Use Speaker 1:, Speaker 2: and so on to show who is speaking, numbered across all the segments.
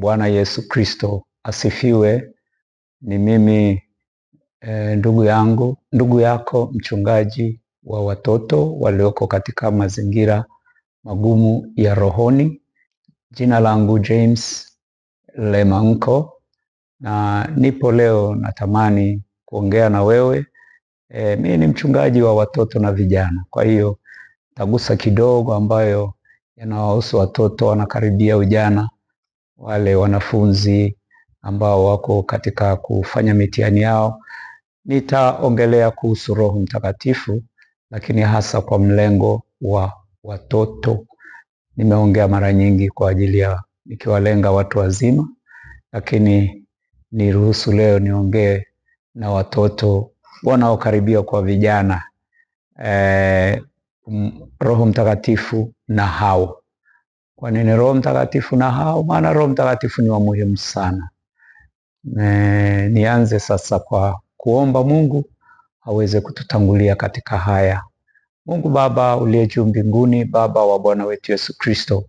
Speaker 1: Bwana Yesu Kristo asifiwe. Ni mimi e, ndugu yangu, ndugu yako mchungaji wa watoto walioko katika mazingira magumu ya rohoni. Jina langu James Lemanko na nipo leo, natamani kuongea na wewe e, mimi ni mchungaji wa watoto na vijana, kwa hiyo tagusa kidogo ambayo yanawahusu watoto wanakaribia ujana wale wanafunzi ambao wako katika kufanya mitihani yao. Nitaongelea kuhusu Roho Mtakatifu, lakini hasa kwa mlengo wa watoto. Nimeongea mara nyingi kwa ajili ya nikiwalenga watu wazima, lakini niruhusu leo niongee na watoto wanaokaribia kwa vijana. Eh, Roho Mtakatifu na hao kwa nini Roho Mtakatifu na hao? Maana Roho Mtakatifu ni wa muhimu sana. E, nianze sasa kwa kuomba Mungu aweze kututangulia katika haya. Mungu Baba uliye juu mbinguni, Baba wa Bwana wetu Yesu Kristo,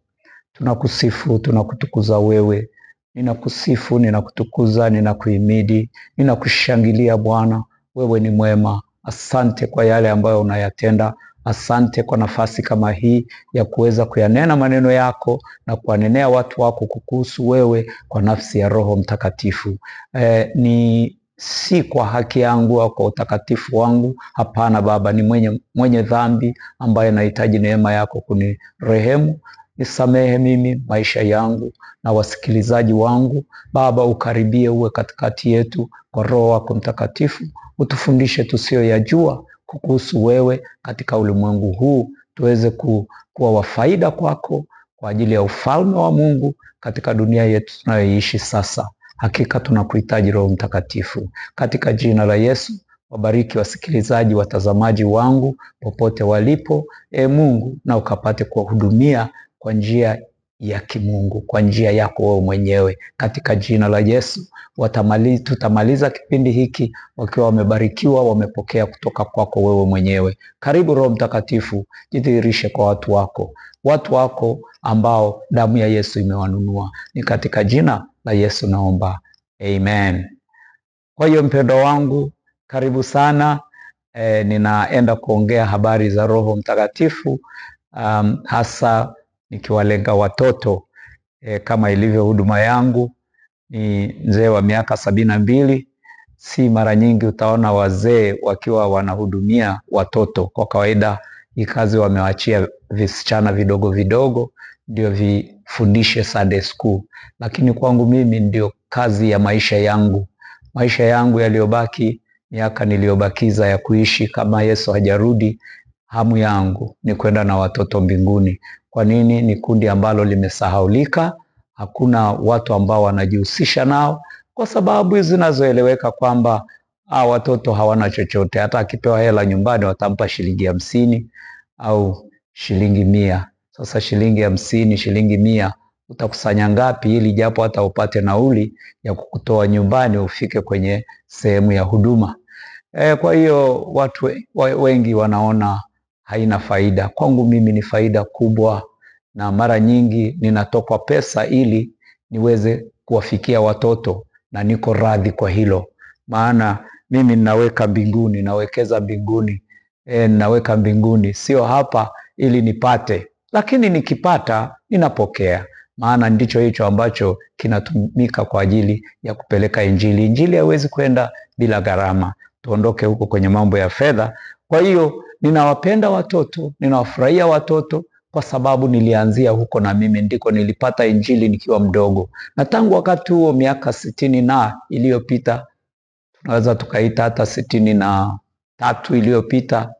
Speaker 1: tunakusifu, tunakutukuza wewe. Ninakusifu, ninakutukuza, ninakuhimidi, ninakushangilia Bwana, wewe ni mwema. Asante kwa yale ambayo unayatenda. Asante kwa nafasi kama hii ya kuweza kuyanena maneno yako na kuwanenea watu wako kukuhusu wewe kwa nafsi ya Roho Mtakatifu. E, ni si kwa haki yangu au kwa utakatifu wangu. Hapana Baba, ni mwenye, mwenye dhambi ambaye nahitaji neema yako kunirehemu. Nisamehe mimi maisha yangu na wasikilizaji wangu. Baba, ukaribie, uwe katikati yetu kwa Roho wako Mtakatifu, utufundishe tusiyoyajua kukuhusu wewe katika ulimwengu huu, tuweze ku, kuwa wafaida kwako kwa ajili ya ufalme wa Mungu katika dunia yetu tunayoishi sasa. Hakika tunakuhitaji Roho Mtakatifu, katika jina la Yesu. Wabariki wasikilizaji, watazamaji wangu popote walipo. E Mungu, na ukapate kuwahudumia kwa njia ya kimungu kwa njia yako wewe mwenyewe katika jina la Yesu. Watamali, tutamaliza kipindi hiki wakiwa wamebarikiwa, wamepokea kutoka kwako wewe mwenyewe. Karibu Roho Mtakatifu, jidhihirishe kwa watu wako, watu wako ambao damu ya Yesu imewanunua. Ni katika jina la Yesu naomba, amen. Kwa hiyo mpendo wangu, karibu sana. E, ninaenda kuongea habari za Roho Mtakatifu um, hasa nikiwalenga watoto e, kama ilivyo huduma yangu. Ni mzee wa miaka sabini na mbili. Si mara nyingi utaona wazee wakiwa wanahudumia watoto. Kwa kawaida hii kazi wamewachia visichana vidogo vidogo ndio vifundishe Sunday school, lakini kwangu mimi ndio kazi ya maisha yangu. Maisha yangu yaliyobaki, miaka niliyobakiza ya kuishi, kama Yesu hajarudi, hamu yangu ni kwenda na watoto mbinguni. Kwa nini? Ni kundi ambalo limesahaulika, hakuna watu ambao wanajihusisha nao kwa sababu zinazoeleweka kwamba ah, watoto hawana chochote. Hata akipewa hela nyumbani watampa shilingi hamsini au shilingi mia. Sasa shilingi hamsini, shilingi mia utakusanya ngapi ili japo hata upate nauli ya kukutoa nyumbani ufike kwenye sehemu ya huduma? E, kwa hiyo watu wengi wanaona haina faida. Kwangu mimi ni faida kubwa, na mara nyingi ninatokwa pesa ili niweze kuwafikia watoto, na niko radhi kwa hilo, maana mimi ninaweka mbinguni, nawekeza mbinguni, e, ninaweka mbinguni, sio hapa ili nipate, lakini nikipata ninapokea maana ndicho hicho ambacho kinatumika kwa ajili ya kupeleka Injili. Injili haiwezi kwenda bila gharama. Tuondoke huko kwenye mambo ya fedha. Kwa hiyo Ninawapenda watoto, ninawafurahia watoto kwa sababu nilianzia huko na mimi ndiko nilipata injili nikiwa mdogo, na tangu wakati huo miaka sitini na iliyopita, tunaweza tukaita hata sitini na tatu iliyopita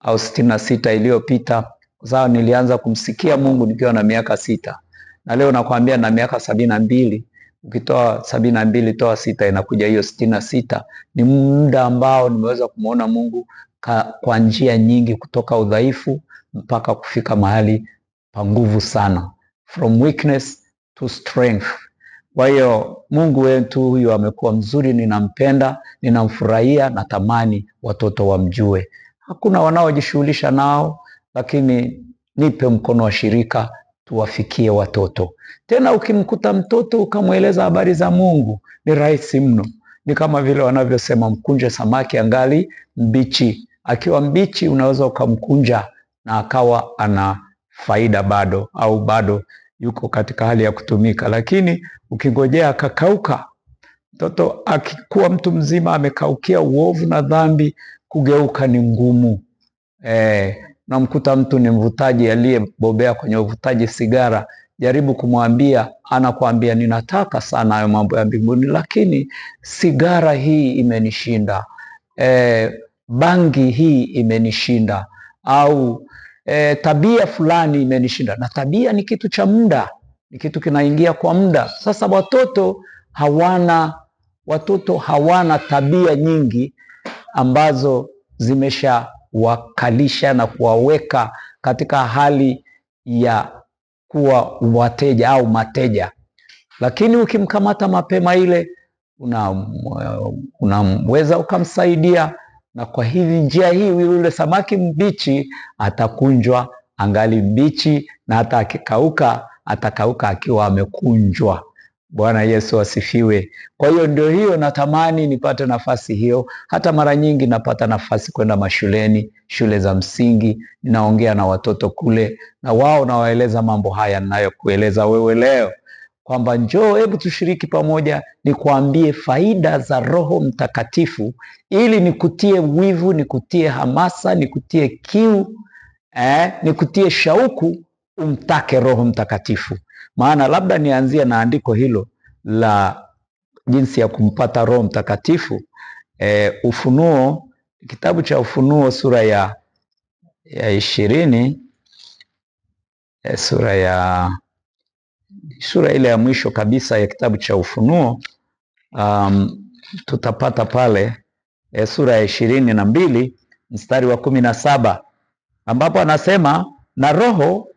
Speaker 1: au sitini na sita iliyopita, kwa sababu nilianza kumsikia Mungu nikiwa na miaka sita, na leo nakwambia na miaka sabini na mbili ukitoa sabini na mbili toa sita inakuja hiyo sitini na sita. Ni muda ambao nimeweza kumwona Mungu ka, kwa njia nyingi kutoka udhaifu mpaka kufika mahali pa nguvu sana, from weakness to strength. Kwa hiyo Mungu wetu huyu amekuwa mzuri, ninampenda, ninamfurahia, natamani watoto wamjue. Hakuna wanaojishughulisha nao, lakini nipe mkono wa shirika tuwafikie watoto. Tena ukimkuta mtoto ukamweleza habari za Mungu ni rahisi mno, ni kama vile wanavyosema mkunje samaki angali mbichi. Akiwa mbichi unaweza ukamkunja na akawa ana faida bado, au bado yuko katika hali ya kutumika, lakini ukingojea akakauka, mtoto akikuwa mtu mzima amekaukia uovu na dhambi, kugeuka ni ngumu. E, eh, namkuta mtu ni mvutaji aliyebobea kwenye uvutaji sigara, jaribu kumwambia, anakuambia ninataka sana hayo mambo ya mbinguni, lakini sigara hii imenishinda. E, bangi hii imenishinda au e, tabia fulani imenishinda. Na tabia ni kitu cha muda, ni kitu kinaingia kwa muda. Sasa watoto hawana watoto hawana tabia nyingi ambazo zimeshawakalisha na kuwaweka katika hali ya kuwa wateja au mateja, lakini ukimkamata mapema ile unaweza eh, una ukamsaidia na kwa hivi njia hii yule samaki mbichi atakunjwa angali mbichi, na hata akikauka atakauka akiwa amekunjwa. Bwana Yesu asifiwe. Kwa hiyo ndio hiyo, natamani nipate nafasi hiyo. Hata mara nyingi napata nafasi kwenda mashuleni, shule za msingi, ninaongea na watoto kule, na wao nawaeleza mambo haya ninayokueleza wewe leo kwamba njoo, hebu tushiriki pamoja, nikuambie faida za Roho Mtakatifu ili nikutie wivu, nikutie hamasa, nikutie kiu eh, nikutie shauku umtake Roho Mtakatifu. Maana labda nianzie na andiko hilo la jinsi ya kumpata Roho Mtakatifu eh, Ufunuo, kitabu cha Ufunuo sura ya ya ishirini eh, sura ya sura ile ya mwisho kabisa ya kitabu cha Ufunuo um, tutapata pale e, sura ya ishirini na mbili mstari wa kumi na saba ambapo anasema na roho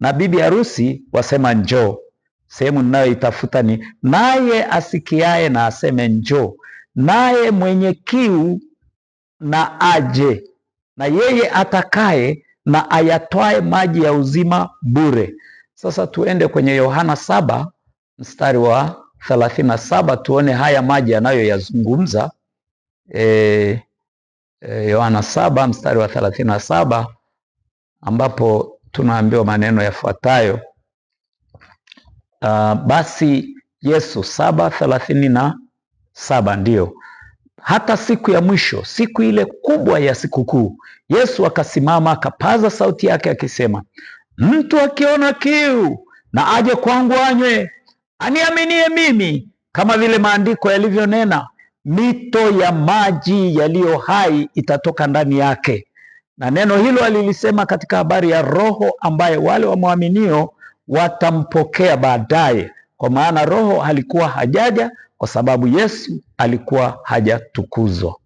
Speaker 1: na bibi harusi wasema njoo. Sehemu ninayoitafuta ni naye asikiaye na aseme njoo, naye mwenye kiu na aje, na yeye atakaye na ayatwae maji ya uzima bure sasa tuende kwenye Yohana saba mstari wa thelathini na saba tuone haya maji anayoyazungumza e, e, Yohana saba mstari wa thelathini na saba ambapo tunaambiwa maneno yafuatayo. Uh, basi Yesu saba thelathini na saba ndiyo hata siku ya mwisho, siku ile kubwa ya sikukuu, Yesu akasimama akapaza sauti yake akisema, Mtu akiona kiu na aje kwangu anywe, aniaminie mimi, kama vile maandiko yalivyonena, mito ya maji yaliyo hai itatoka ndani yake. Na neno hilo alilisema katika habari ya Roho ambaye wale wamwaminio watampokea baadaye, kwa maana Roho alikuwa hajaja kwa sababu Yesu alikuwa hajatukuzwa.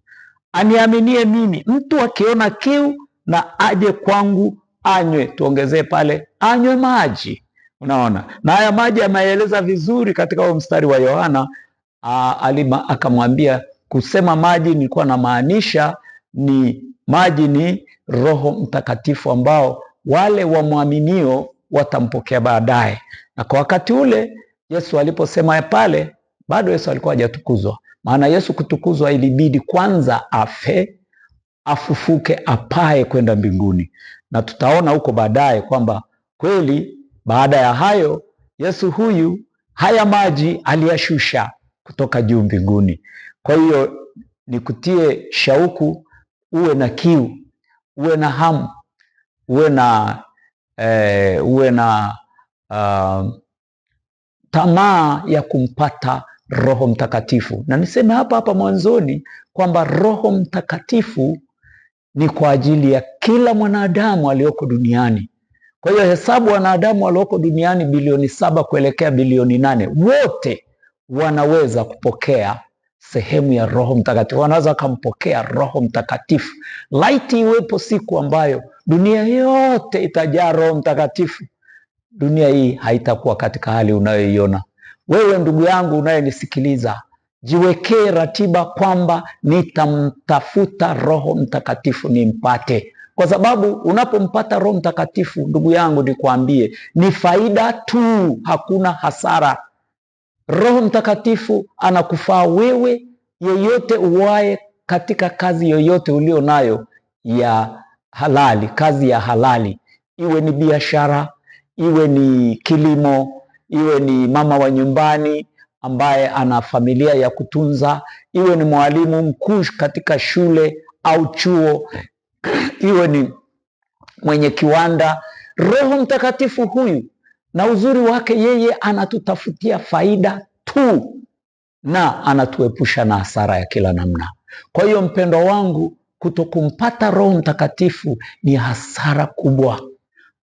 Speaker 1: Aniaminie mimi, mtu akiona kiu na aje kwangu anywe, tuongezee pale anywe maji. Unaona, na haya maji ameeleza vizuri katika huo mstari wa Yohana. Alima akamwambia kusema maji, nilikuwa namaanisha ni maji ni Roho Mtakatifu ambao wale wamwaminio watampokea baadaye. Na kwa wakati ule Yesu aliposema pale, bado Yesu alikuwa hajatukuzwa. Maana Yesu kutukuzwa ilibidi kwanza afe, afufuke, apae kwenda mbinguni na tutaona huko baadaye kwamba kweli baada ya hayo Yesu huyu haya maji aliyashusha kutoka juu mbinguni. Kwa hiyo nikutie shauku, uwe na kiu, uwe na hamu, uwe na eh, uwe na uh, tamaa ya kumpata Roho Mtakatifu, na niseme hapa hapa mwanzoni kwamba Roho Mtakatifu ni kwa ajili ya kila mwanadamu aliyoko duniani. Kwa hiyo hesabu wanadamu walioko duniani bilioni saba kuelekea bilioni nane wote wanaweza kupokea sehemu ya Roho Mtakatifu, wanaweza wakampokea Roho Mtakatifu. Laiti iwepo siku ambayo dunia yote itajaa Roho Mtakatifu, dunia hii haitakuwa katika hali unayoiona wewe. Ndugu yangu unayenisikiliza, Jiwekee ratiba kwamba nitamtafuta Roho Mtakatifu nimpate, kwa sababu unapompata Roho Mtakatifu, ndugu yangu, nikwambie ni faida tu, hakuna hasara. Roho Mtakatifu anakufaa wewe, yeyote uwaye katika kazi yoyote ulio nayo ya halali, kazi ya halali, iwe ni biashara, iwe ni kilimo, iwe ni mama wa nyumbani ambaye ana familia ya kutunza, iwe ni mwalimu mkuu katika shule au chuo, iwe ni mwenye kiwanda. Roho Mtakatifu huyu na uzuri wake, yeye anatutafutia faida tu na anatuepusha na hasara ya kila namna. Kwa hiyo mpendwa wangu, kutokumpata Roho Mtakatifu ni hasara kubwa.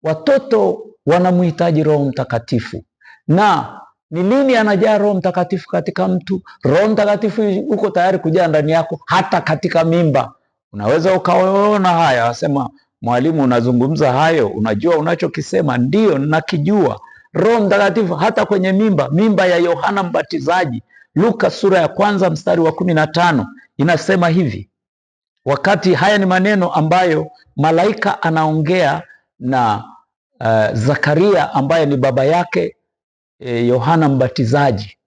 Speaker 1: Watoto wanamhitaji Roho Mtakatifu na ni lini anajaa Roho Mtakatifu katika mtu? Roho Mtakatifu uko tayari kujaa ndani yako hata katika mimba. Unaweza ukaona haya, wasema mwalimu, unazungumza hayo, unajua unachokisema? Ndiyo, nakijua. Roho Mtakatifu hata kwenye mimba, mimba ya Yohana Mbatizaji. Luka sura ya kwanza mstari wa kumi na tano inasema hivi, wakati haya ni maneno ambayo malaika anaongea na uh, Zakaria ambaye ni baba yake E, Yohana e, Mbatizaji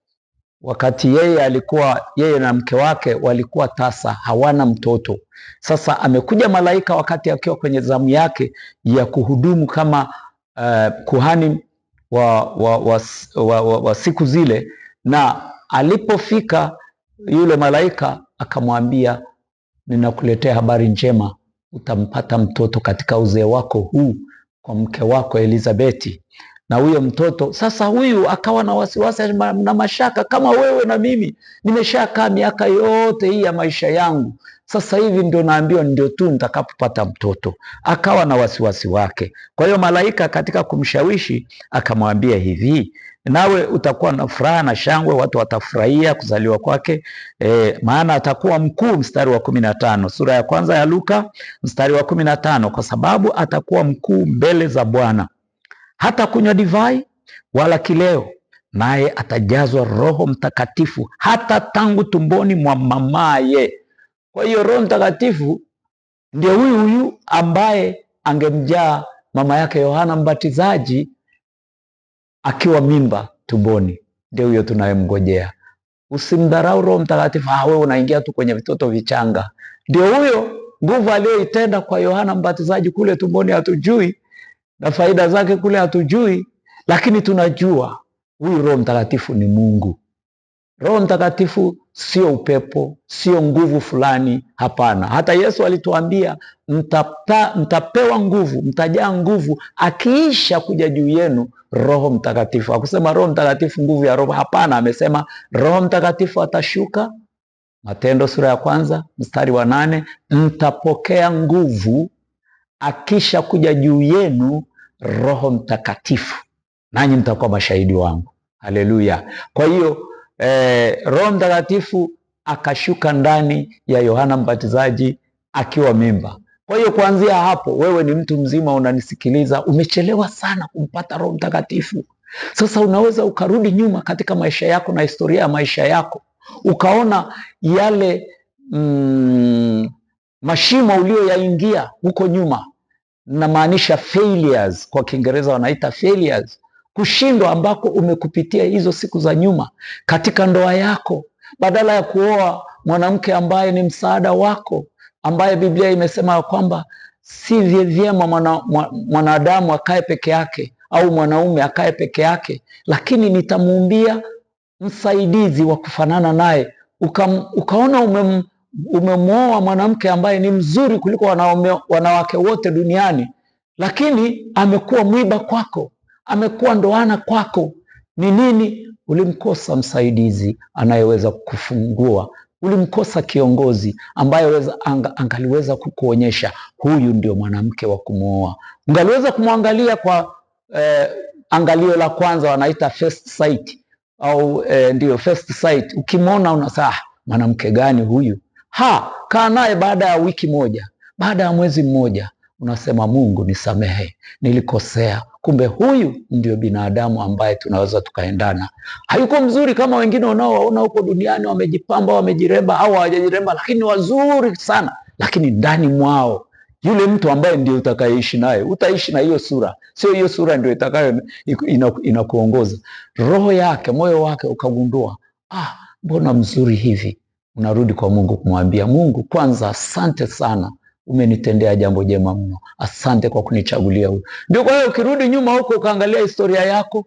Speaker 1: wakati yeye alikuwa yeye na mke wake walikuwa tasa, hawana mtoto. Sasa amekuja malaika wakati akiwa kwenye zamu yake ya kuhudumu kama uh, kuhani wa, wa, wa, wa, wa, wa siku zile, na alipofika yule malaika akamwambia, ninakuletea habari njema, utampata mtoto katika uzee wako huu kwa mke wako Elizabeti na huyo mtoto sasa, huyu akawa na wasiwasi na mashaka kama wewe na mimi. Nimeshakaa miaka yote hii ya maisha yangu, sasa hivi ndio naambiwa ndio tu nitakapopata mtoto. Akawa na wasiwasi wake. Kwa hiyo malaika katika kumshawishi akamwambia hivi, nawe utakuwa na furaha na shangwe, watu watafurahia kuzaliwa kwake e, maana atakuwa mkuu. Mstari wa kumi na tano sura ya kwanza ya Luka mstari wa kumi na tano kwa sababu atakuwa mkuu mbele za Bwana hata kunywa divai wala kileo, naye atajazwa Roho Mtakatifu hata tangu tumboni mwa mamaye. Kwa hiyo Roho Mtakatifu ndio huyu huyu ambaye angemjaa mama yake Yohana Mbatizaji akiwa mimba tumboni, ndio huyo tunayemngojea. Usimdharau Roho Mtakatifu. Ah, wewe unaingia tu kwenye vitoto vichanga. Ndio huyo nguvu aliyoitenda kwa Yohana Mbatizaji kule tumboni, hatujui na faida zake kule hatujui, lakini tunajua huyu Roho Mtakatifu ni Mungu. Roho Mtakatifu sio upepo, sio nguvu fulani, hapana. Hata Yesu alituambia mtapta, mtapewa nguvu, mtajaa nguvu akiisha kuja juu yenu Roho Mtakatifu. akusema Roho Mtakatifu nguvu ya Roho, hapana. Amesema Roho Mtakatifu atashuka, Matendo sura ya kwanza mstari wa nane, mtapokea nguvu akisha kuja juu yenu Roho Mtakatifu, nanyi mtakuwa mashahidi wangu. Haleluya! Kwa hiyo eh, Roho Mtakatifu akashuka ndani ya Yohana Mbatizaji akiwa mimba. Kwa hiyo kuanzia hapo, wewe ni mtu mzima unanisikiliza, umechelewa sana kumpata Roho Mtakatifu. Sasa unaweza ukarudi nyuma katika maisha yako na historia ya maisha yako ukaona yale mm, mashimo ulioyaingia huko nyuma, namaanisha failures, kwa Kiingereza wanaita failures, kushindwa ambako umekupitia hizo siku za nyuma katika ndoa yako, badala ya kuoa mwanamke ambaye ni msaada wako, ambaye Biblia imesema ya kwamba si vyema mwanadamu mwana, mwana akae peke yake au mwanaume akae peke yake, lakini nitamuumbia msaidizi wa kufanana naye. Uka, ukaona umem, umemwoa mwanamke ambaye ni mzuri kuliko wanaume, wanawake wote duniani, lakini amekuwa mwiba kwako, amekuwa ndoana kwako. Ni nini? Ulimkosa msaidizi anayeweza kufungua, ulimkosa kiongozi ambaye weza, anga, angaliweza kukuonyesha huyu ndio mwanamke wa kumwoa. Ungaliweza kumwangalia kwa eh, angalio la kwanza wanaita first sight au eh, ndio first sight. Ukimwona unasema ah, mwanamke gani huyu? ha kaa naye baada ya wiki moja, baada ya mwezi mmoja, unasema Mungu nisamehe, nilikosea. Kumbe huyu ndio binadamu ambaye tunaweza tukaendana. Hayuko mzuri kama wengine unaowaona huko duniani, wamejipamba, wamejiremba au hawajajiremba, lakini wazuri sana, lakini ndani mwao yule mtu ambaye ndio utakayeishi naye utaishi na hiyo sura, sio hiyo sura ndio itakayo inakuongoza. Roho yake, moyo wake ukagundua, ah, mbona mzuri hivi unarudi kwa Mungu kumwambia Mungu, kwanza asante sana, umenitendea jambo jema mno, asante kwa kunichagulia huyu. Ndio kwa hiyo ukirudi nyuma huko ukaangalia historia yako,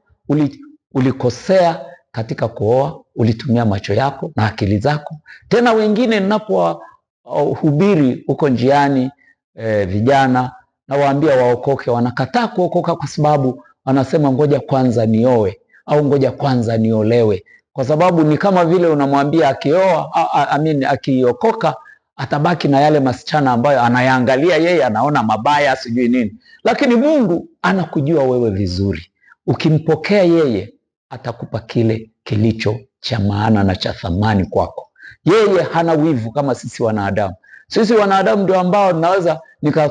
Speaker 1: ulikosea katika kuoa, ulitumia macho yako na akili zako. Tena wengine ninapohubiri huko njiani e, vijana nawaambia waokoke, wanakataa kuokoka kwa sababu wanasema ngoja kwanza nioe au ngoja kwanza niolewe kwa sababu ni kama vile unamwambia akioa, amini, akiokoka atabaki na yale masichana ambayo anayaangalia yeye, anaona mabaya, sijui nini, lakini Mungu anakujua wewe vizuri. Ukimpokea yeye, atakupa kile kilicho cha maana na cha thamani kwako. Yeye hana wivu kama sisi wanadamu. Sisi wanadamu ndio ambao naweza nika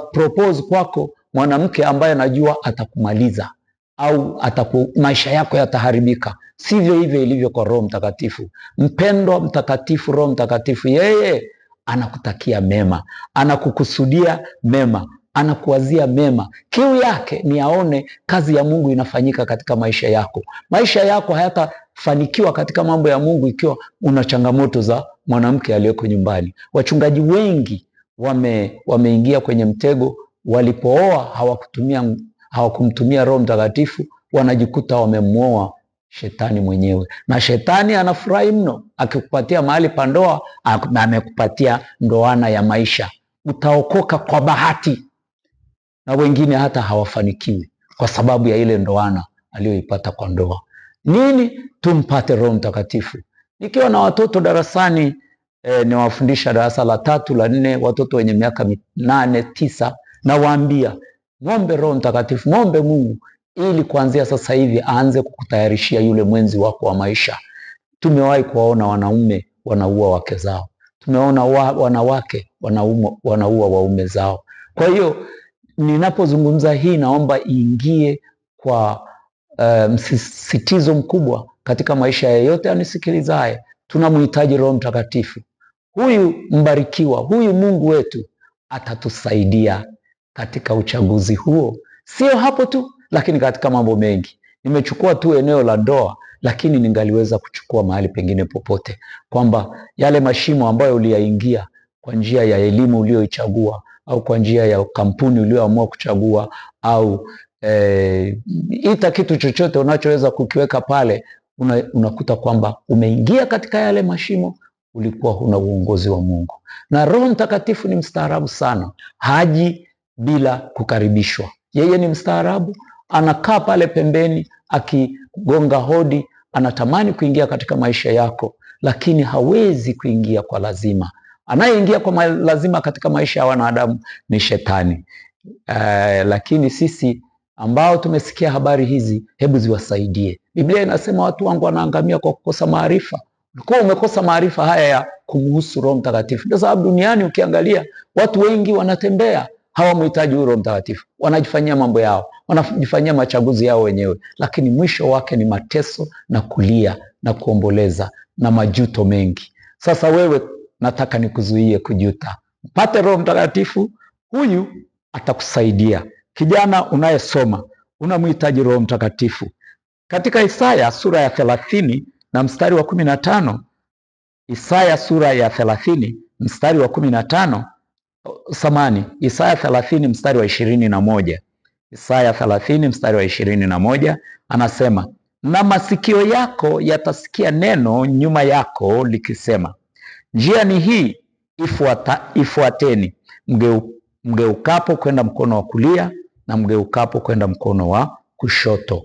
Speaker 1: kwako mwanamke ambaye najua atakumaliza au ataku, maisha yako yataharibika, Sivyo hivyo ilivyo kwa Roho Mtakatifu. Mpendwa mtakatifu, Roho Mtakatifu yeye anakutakia mema, anakukusudia mema, anakuwazia mema. Kiu yake ni aone kazi ya Mungu inafanyika katika maisha yako. Maisha yako hayatafanikiwa katika mambo ya Mungu ikiwa una changamoto za mwanamke aliyoko nyumbani. Wachungaji wengi wame wameingia kwenye mtego, walipooa hawakutumia hawakumtumia Roho Mtakatifu, wanajikuta wamemwoa shetani mwenyewe, na shetani anafurahi mno. Akikupatia mahali pa ndoa, amekupatia ndoana ya maisha. Utaokoka kwa bahati, na wengine hata hawafanikiwi kwa sababu ya ile ndoana aliyoipata kwa ndoa. Nini? Tumpate Roho Mtakatifu. Nikiwa na watoto darasani e, niwafundisha darasa la tatu la nne, watoto wenye miaka nane tisa, nawaambia mwombe Roho Mtakatifu, mwombe Mungu ili kuanzia sasa hivi aanze kukutayarishia yule mwenzi wako wa maisha. Tumewahi kuwaona wanaume wanaua wake zao, tumeona wa, wanawake wanaume, wanaua waume zao. Kwa hiyo ninapozungumza hii, naomba iingie kwa uh, msisitizo mkubwa katika maisha yeyote anisikilizaye. Tunamhitaji Roho Mtakatifu, huyu mbarikiwa, huyu Mungu wetu atatusaidia katika uchaguzi huo. Sio hapo tu lakini katika mambo mengi nimechukua tu eneo la ndoa, lakini ningaliweza kuchukua mahali pengine popote, kwamba yale mashimo ambayo uliyaingia kwa njia ya elimu uliyoichagua au kwa njia ya kampuni ulioamua kuchagua au e, ita kitu chochote unachoweza kukiweka pale, una, unakuta kwamba umeingia katika yale mashimo, ulikuwa huna uongozi wa Mungu. Na Roho Mtakatifu ni mstaarabu sana, haji bila kukaribishwa. Yeye ni mstaarabu anakaa pale pembeni akigonga hodi, anatamani kuingia katika maisha yako, lakini hawezi kuingia kwa lazima. Anayeingia kwa lazima katika maisha ya wanadamu ni shetani. Eh, lakini sisi ambao tumesikia habari hizi, hebu ziwasaidie. Biblia inasema watu wangu wanaangamia kwa kukosa maarifa. Ulikuwa umekosa maarifa haya ya kumuhusu Roho Mtakatifu. Ndio sababu duniani ukiangalia, watu wengi wanatembea hawamhitaji huyu Roho Mtakatifu, wanajifanyia mambo yao, wanajifanyia machaguzi yao wenyewe, lakini mwisho wake ni mateso na kulia na kuomboleza na majuto mengi. Sasa wewe, nataka nikuzuie kujuta, mpate Roho Mtakatifu. Huyu atakusaidia. Kijana unayesoma, unamhitaji Roho Mtakatifu. Katika Isaya sura ya thelathini na mstari wa kumi na tano Isaya sura ya thelathini mstari wa kumi na tano samani Isaya thelathini mstari wa ishirini na moja Isaya thelathini mstari wa ishirini na moja anasema na masikio yako yatasikia neno nyuma yako likisema, njia ni hii ifuata, ifuateni, mgeu, mgeukapo kwenda mkono wa kulia na mgeukapo kwenda mkono wa kushoto.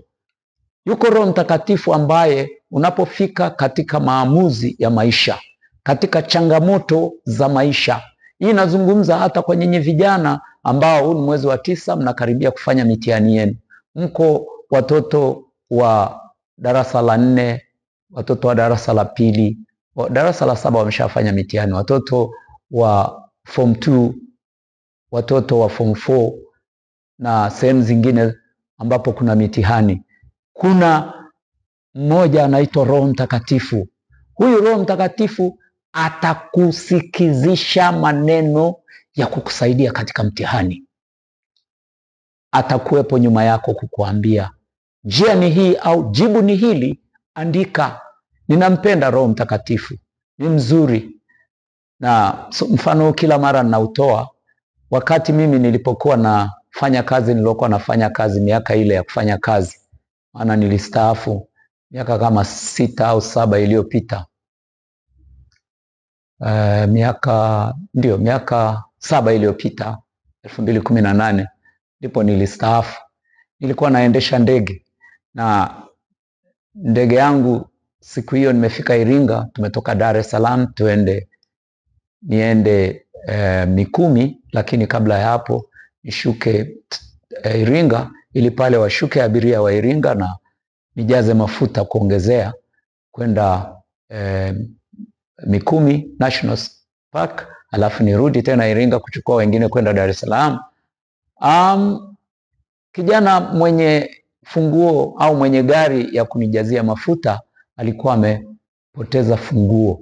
Speaker 1: Yuko Roho Mtakatifu ambaye unapofika katika maamuzi ya maisha, katika changamoto za maisha, hii nazungumza hata kwa nyinyi vijana ambao huu ni mwezi wa tisa, mnakaribia kufanya mitihani yenu, mko watoto wa darasa la nne, watoto wa darasa la pili, darasa la saba wameshafanya mitihani, watoto wa form 2, watoto wa form 4 na sehemu zingine ambapo kuna mitihani. Kuna mmoja anaitwa Roho Mtakatifu. Huyu Roho Mtakatifu atakusikizisha maneno ya kukusaidia katika mtihani. Atakuwepo nyuma yako kukuambia njia ni hii au jibu ni hili. Andika, ninampenda Roho Mtakatifu, ni mzuri. Na mfano kila mara ninautoa wakati mimi nilipokuwa nafanya kazi niliokuwa nafanya kazi, miaka ile ya kufanya kazi, maana nilistaafu miaka kama sita au saba iliyopita uh, miaka ndio miaka saba iliyopita elfu mbili kumi na nane ndipo nilistaafu. Nilikuwa naendesha ndege na ndege yangu siku hiyo nimefika Iringa, tumetoka Dar es Salaam tuende niende e, Mikumi, lakini kabla ya hapo nishuke e, Iringa ili pale washuke abiria wa Iringa na nijaze mafuta kuongezea kwenda e, Mikumi National Park, alafu nirudi tena Iringa kuchukua wengine kwenda Dar es Salaam. Um, kijana mwenye funguo au mwenye gari ya kunijazia mafuta alikuwa amepoteza funguo,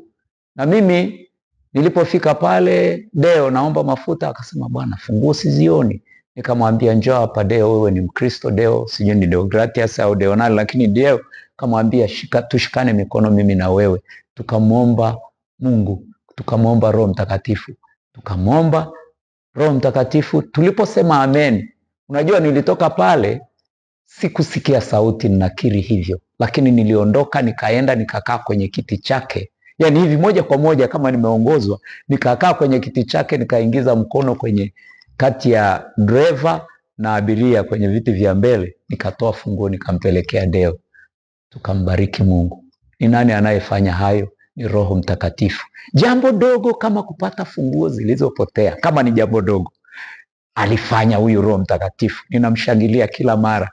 Speaker 1: na mimi nilipofika pale, Deo, naomba mafuta. Akasema, bwana, funguo sizioni. Nikamwambia, njoo hapa Deo, wewe ni Mkristo Deo, sijui ni Deogratias au Deonali, lakini Deo kamwambia, tushikane mikono mimi na wewe, tukamwomba Mungu, tukamwomba Roho Mtakatifu, tukamwomba Roho Mtakatifu. Tuliposema amen, unajua nilitoka pale sikusikia sauti, ninakiri hivyo, lakini niliondoka nikaenda nikakaa kwenye kiti chake, yaani hivi moja kwa moja kama nimeongozwa, nikakaa kwenye kiti chake, nikaingiza mkono kwenye kati ya dreva na abiria kwenye viti vya mbele, nikatoa funguo nikampelekea Deo, tukambariki Mungu. Ni nani anayefanya hayo? ni Roho Mtakatifu. Jambo dogo kama kupata funguo zilizopotea, kama ni jambo dogo, alifanya huyu Roho Mtakatifu. Ninamshangilia kila mara,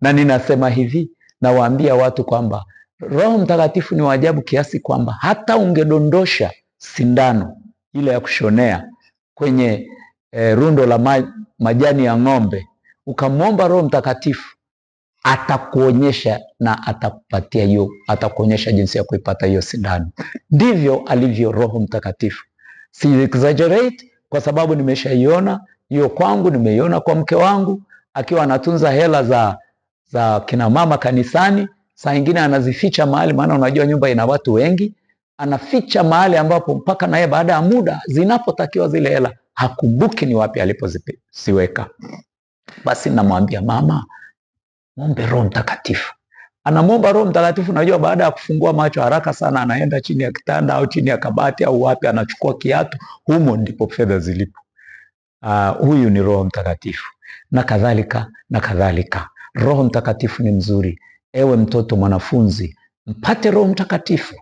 Speaker 1: na ninasema hivi, nawaambia watu kwamba Roho Mtakatifu ni waajabu kiasi kwamba hata ungedondosha sindano ile ya kushonea kwenye eh, rundo la majani ya ng'ombe ukamwomba Roho Mtakatifu atakuonyesha na atakupatia hiyo, atakuonyesha jinsi ya kuipata hiyo sindano. Ndivyo alivyo Roho Mtakatifu. Si exaggerate kwa sababu nimeshaiona hiyo kwangu, nimeiona kwa mke wangu akiwa anatunza hela za za kina mama kanisani, saa ingine anazificha mahali, maana unajua nyumba ina watu wengi, anaficha mahali ambapo mpaka naye baada ya muda zinapotakiwa zile hela hakumbuki ni wapi alipoziweka. Basi namwambia mama Mwombe Roho Mtakatifu. Anamwomba Roho Mtakatifu. Najua baada ya kufungua macho haraka sana anaenda chini ya kitanda au chini ya kabati au wapi, anachukua kiatu, humo ndipo fedha zilipo. Uh, huyu ni Roho Mtakatifu na kadhalika na kadhalika. Roho Mtakatifu ni mzuri. Ewe mtoto mwanafunzi, mpate Roho Mtakatifu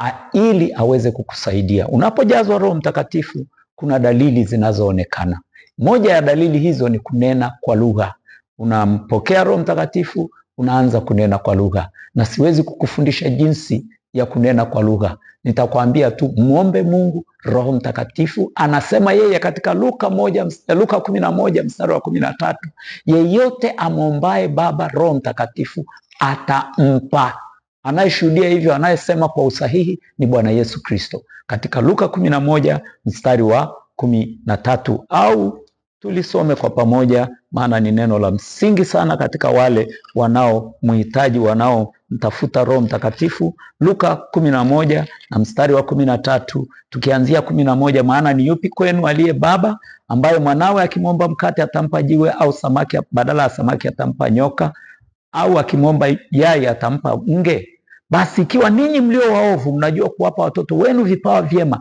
Speaker 1: A, ili aweze kukusaidia. Unapojazwa Roho Mtakatifu kuna dalili zinazoonekana. Moja ya dalili hizo ni kunena kwa lugha unampokea Roho Mtakatifu, unaanza kunena kwa lugha, na siwezi kukufundisha jinsi ya kunena kwa lugha. Nitakwambia tu mwombe Mungu. Roho Mtakatifu anasema yeye katika Luka moja, Luka kumi na moja mstari wa kumi na tatu yeyote amwombaye Baba Roho Mtakatifu atampa. Anayeshuhudia hivyo, anayesema kwa usahihi ni Bwana Yesu Kristo, katika Luka kumi na moja mstari wa kumi na tatu au tulisome kwa pamoja, maana ni neno la msingi sana katika wale wanaomhitaji, wanaomtafuta Roho Mtakatifu. Luka kumi na moja na mstari wa kumi na tatu tukianzia kumi na moja maana ni yupi kwenu aliye baba ambaye mwanawe akimwomba mkate atampa jiwe, au samaki badala ya samaki atampa nyoka, au akimwomba yai atampa nge? Basi ikiwa ninyi mlio waovu mnajua kuwapa watoto wenu vipawa vyema,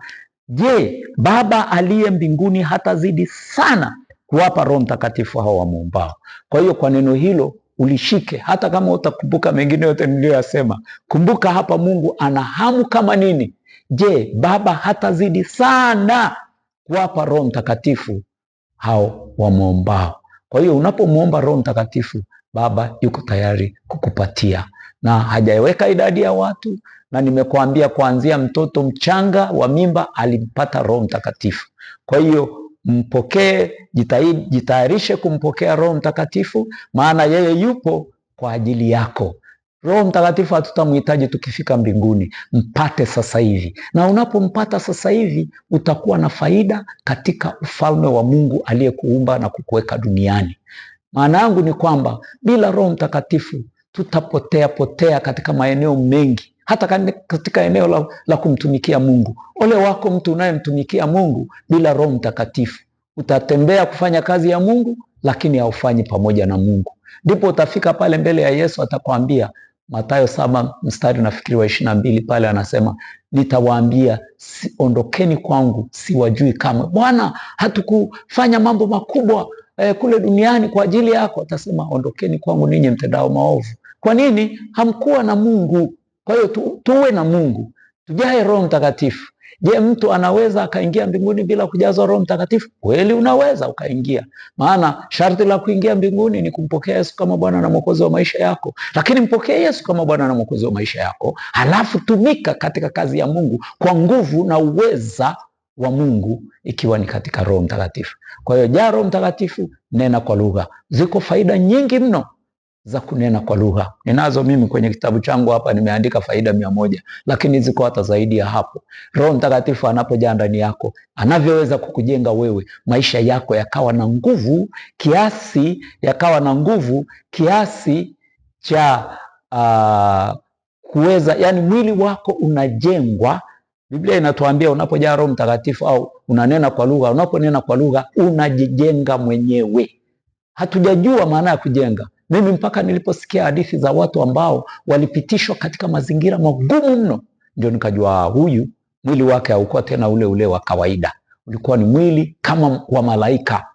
Speaker 1: je, Baba aliye mbinguni hatazidi sana kuwapa Roho Mtakatifu hao wamuombao. Kwa hiyo kwa neno hilo ulishike, hata kama utakumbuka mengine yote niliyoyasema. Kumbuka hapa Mungu ana hamu kama nini? Je, Baba hatazidi sana kuwapa Roho Mtakatifu hao wamuombao? Kwa hiyo unapomwomba Roho Mtakatifu, Baba yuko tayari kukupatia na hajaweka idadi ya watu, na nimekuambia kuanzia mtoto mchanga wa mimba alimpata Roho Mtakatifu. Kwa hiyo Mpokee, jitayarishe kumpokea Roho Mtakatifu, maana yeye yupo kwa ajili yako. Roho Mtakatifu hatutamhitaji tukifika mbinguni, mpate sasa hivi. Na unapompata sasa hivi, utakuwa na faida katika ufalme wa Mungu aliyekuumba na kukuweka duniani. Maana yangu ni kwamba bila Roho Mtakatifu tutapotea potea katika maeneo mengi hata katika eneo la, la kumtumikia Mungu. Ole wako mtu unayemtumikia Mungu bila Roho Mtakatifu. Utatembea kufanya kazi ya Mungu, lakini haufanyi pamoja na Mungu. Ndipo utafika pale mbele ya Yesu, atakwambia Mathayo saba mstari nafikiri wa ishirini na mbili pale anasema, nitawaambia si, ondokeni kwangu, siwajui kamwe. Bwana, hatukufanya mambo makubwa eh, kule duniani kwa ajili yako? Atasema, ondokeni kwangu ninyi mtendao maovu. Kwa nini? Hamkuwa na Mungu. Kwa hiyo tu, tuwe na Mungu, tujae Roho Mtakatifu. Je, mtu anaweza akaingia mbinguni bila kujazwa Roho Mtakatifu? Kweli unaweza ukaingia, maana sharti la kuingia mbinguni ni kumpokea Yesu kama Bwana na Mwokozi wa maisha yako. Lakini mpokee Yesu kama Bwana na Mwokozi wa maisha yako, halafu tumika katika kazi ya Mungu kwa nguvu na uweza wa Mungu, ikiwa ni katika Roho Mtakatifu. Kwa hiyo jaa Roho Mtakatifu, nena kwa lugha. Ziko faida nyingi mno za kunena kwa lugha. Ninazo mimi kwenye kitabu changu hapa nimeandika faida mia moja, lakini ziko hata zaidi ya hapo. Roho Mtakatifu anapojaa ndani yako, anavyoweza kukujenga wewe, maisha yako yakawa na nguvu kiasi, yakawa na nguvu kiasi cha uh, kuweza yani, mwili wako unajengwa. Biblia inatuambia unapojaa Roho Mtakatifu au unanena kwa lugha, unaponena kwa lugha unajijenga mwenyewe. Hatujajua maana ya kujenga mimi mpaka niliposikia hadithi za watu ambao walipitishwa katika mazingira magumu mno, ndio nikajua ah, huyu mwili wake haukuwa tena ule ule wa kawaida, ulikuwa ni mwili kama wa malaika.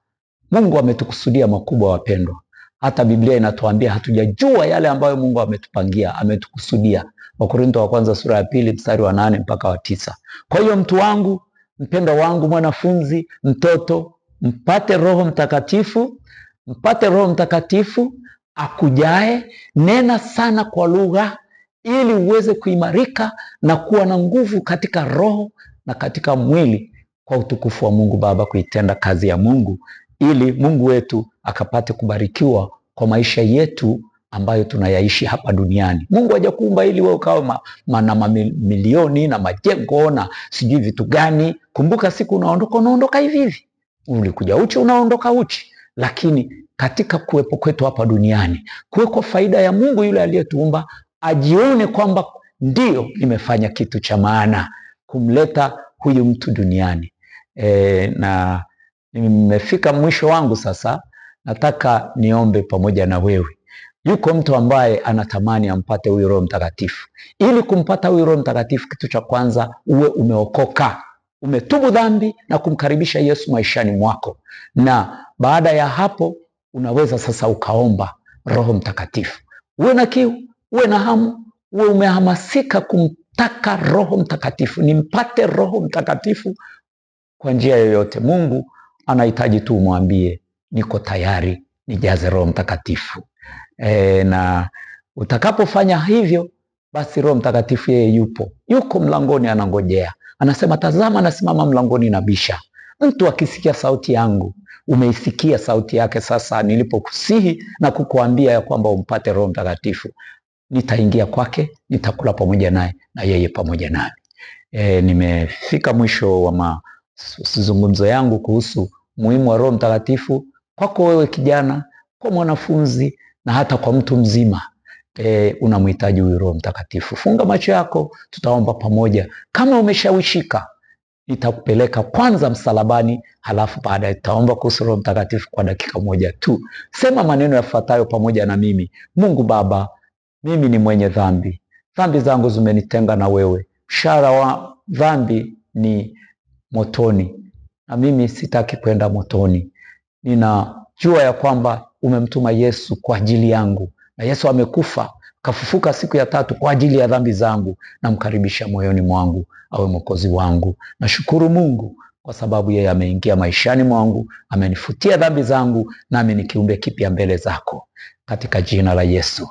Speaker 1: Mungu ametukusudia makubwa, wapendwa. Hata Biblia inatuambia hatujajua yale ambayo Mungu ametupangia, ametukusudia. Wakorintho wa kwanza sura ya pili mstari wa nane mpaka wa tisa. Kwa hiyo mtu wangu mpendwa wangu, mwanafunzi, mtoto, mpate Roho Mtakatifu, mpate Roho Mtakatifu akujae. Nena sana kwa lugha ili uweze kuimarika na kuwa na nguvu katika roho na katika mwili kwa utukufu wa Mungu Baba, kuitenda kazi ya Mungu ili Mungu wetu akapate kubarikiwa kwa maisha yetu ambayo tunayaishi hapa duniani. Mungu hajakuumba ili wewe ukawe ma, ma, na mamilioni na majengo na sijui vitu gani. Kumbuka siku unaondoka, unaondoka hivi hivi. Ulikuja uchi, unaondoka uchi, lakini katika kuwepo kwetu hapa duniani, kuweko faida ya Mungu yule aliyetuumba, ajione kwamba ndiyo nimefanya kitu cha maana kumleta huyu mtu duniani. E, na nimefika mwisho wangu sasa. Nataka niombe pamoja na wewe. Yuko mtu ambaye anatamani ampate huyu Roho Mtakatifu. Ili kumpata huyu Roho Mtakatifu, kitu cha kwanza uwe umeokoka, umetubu dhambi na kumkaribisha Yesu maishani mwako, na baada ya hapo unaweza sasa ukaomba Roho Mtakatifu. Uwe na kiu, uwe na hamu, uwe umehamasika kumtaka Roho Mtakatifu, nimpate Roho Mtakatifu kwa njia yoyote. Mungu anahitaji tu umwambie niko tayari, nijaze Roho Mtakatifu. E, na utakapofanya hivyo basi Roho Mtakatifu yeye yupo, yuko mlangoni, anangojea. Anasema, tazama, anasimama mlangoni na bisha. Mtu akisikia sauti yangu, umeisikia sauti yake sasa nilipokusihi na kukuambia ya kwamba umpate Roho Mtakatifu, nitaingia kwake, nitakula pamoja naye na yeye pamoja nami. E, nimefika mwisho wa mazungumzo yangu kuhusu muhimu wa Roho Mtakatifu kwako wewe kijana, kwa mwanafunzi na hata kwa mtu mzima. E, unamhitaji huyu Roho Mtakatifu. Funga macho yako, tutaomba pamoja. Kama umeshawishika nitakupeleka kwanza msalabani, halafu baadaye tutaomba kuhusu Roho Mtakatifu kwa dakika moja tu. Sema maneno yafuatayo pamoja na mimi. Mungu Baba, mimi ni mwenye dhambi, dhambi zangu zimenitenga na wewe. Mshahara wa dhambi ni motoni, na mimi sitaki kwenda motoni. Ninajua ya kwamba umemtuma Yesu kwa ajili yangu, na Yesu amekufa kafufuka siku ya tatu kwa ajili ya dhambi zangu, namkaribisha moyoni mwangu awe mwokozi wangu. Nashukuru Mungu kwa sababu yeye ameingia maishani mwangu, amenifutia dhambi zangu, nami ni kiumbe kipya mbele zako, katika jina la Yesu.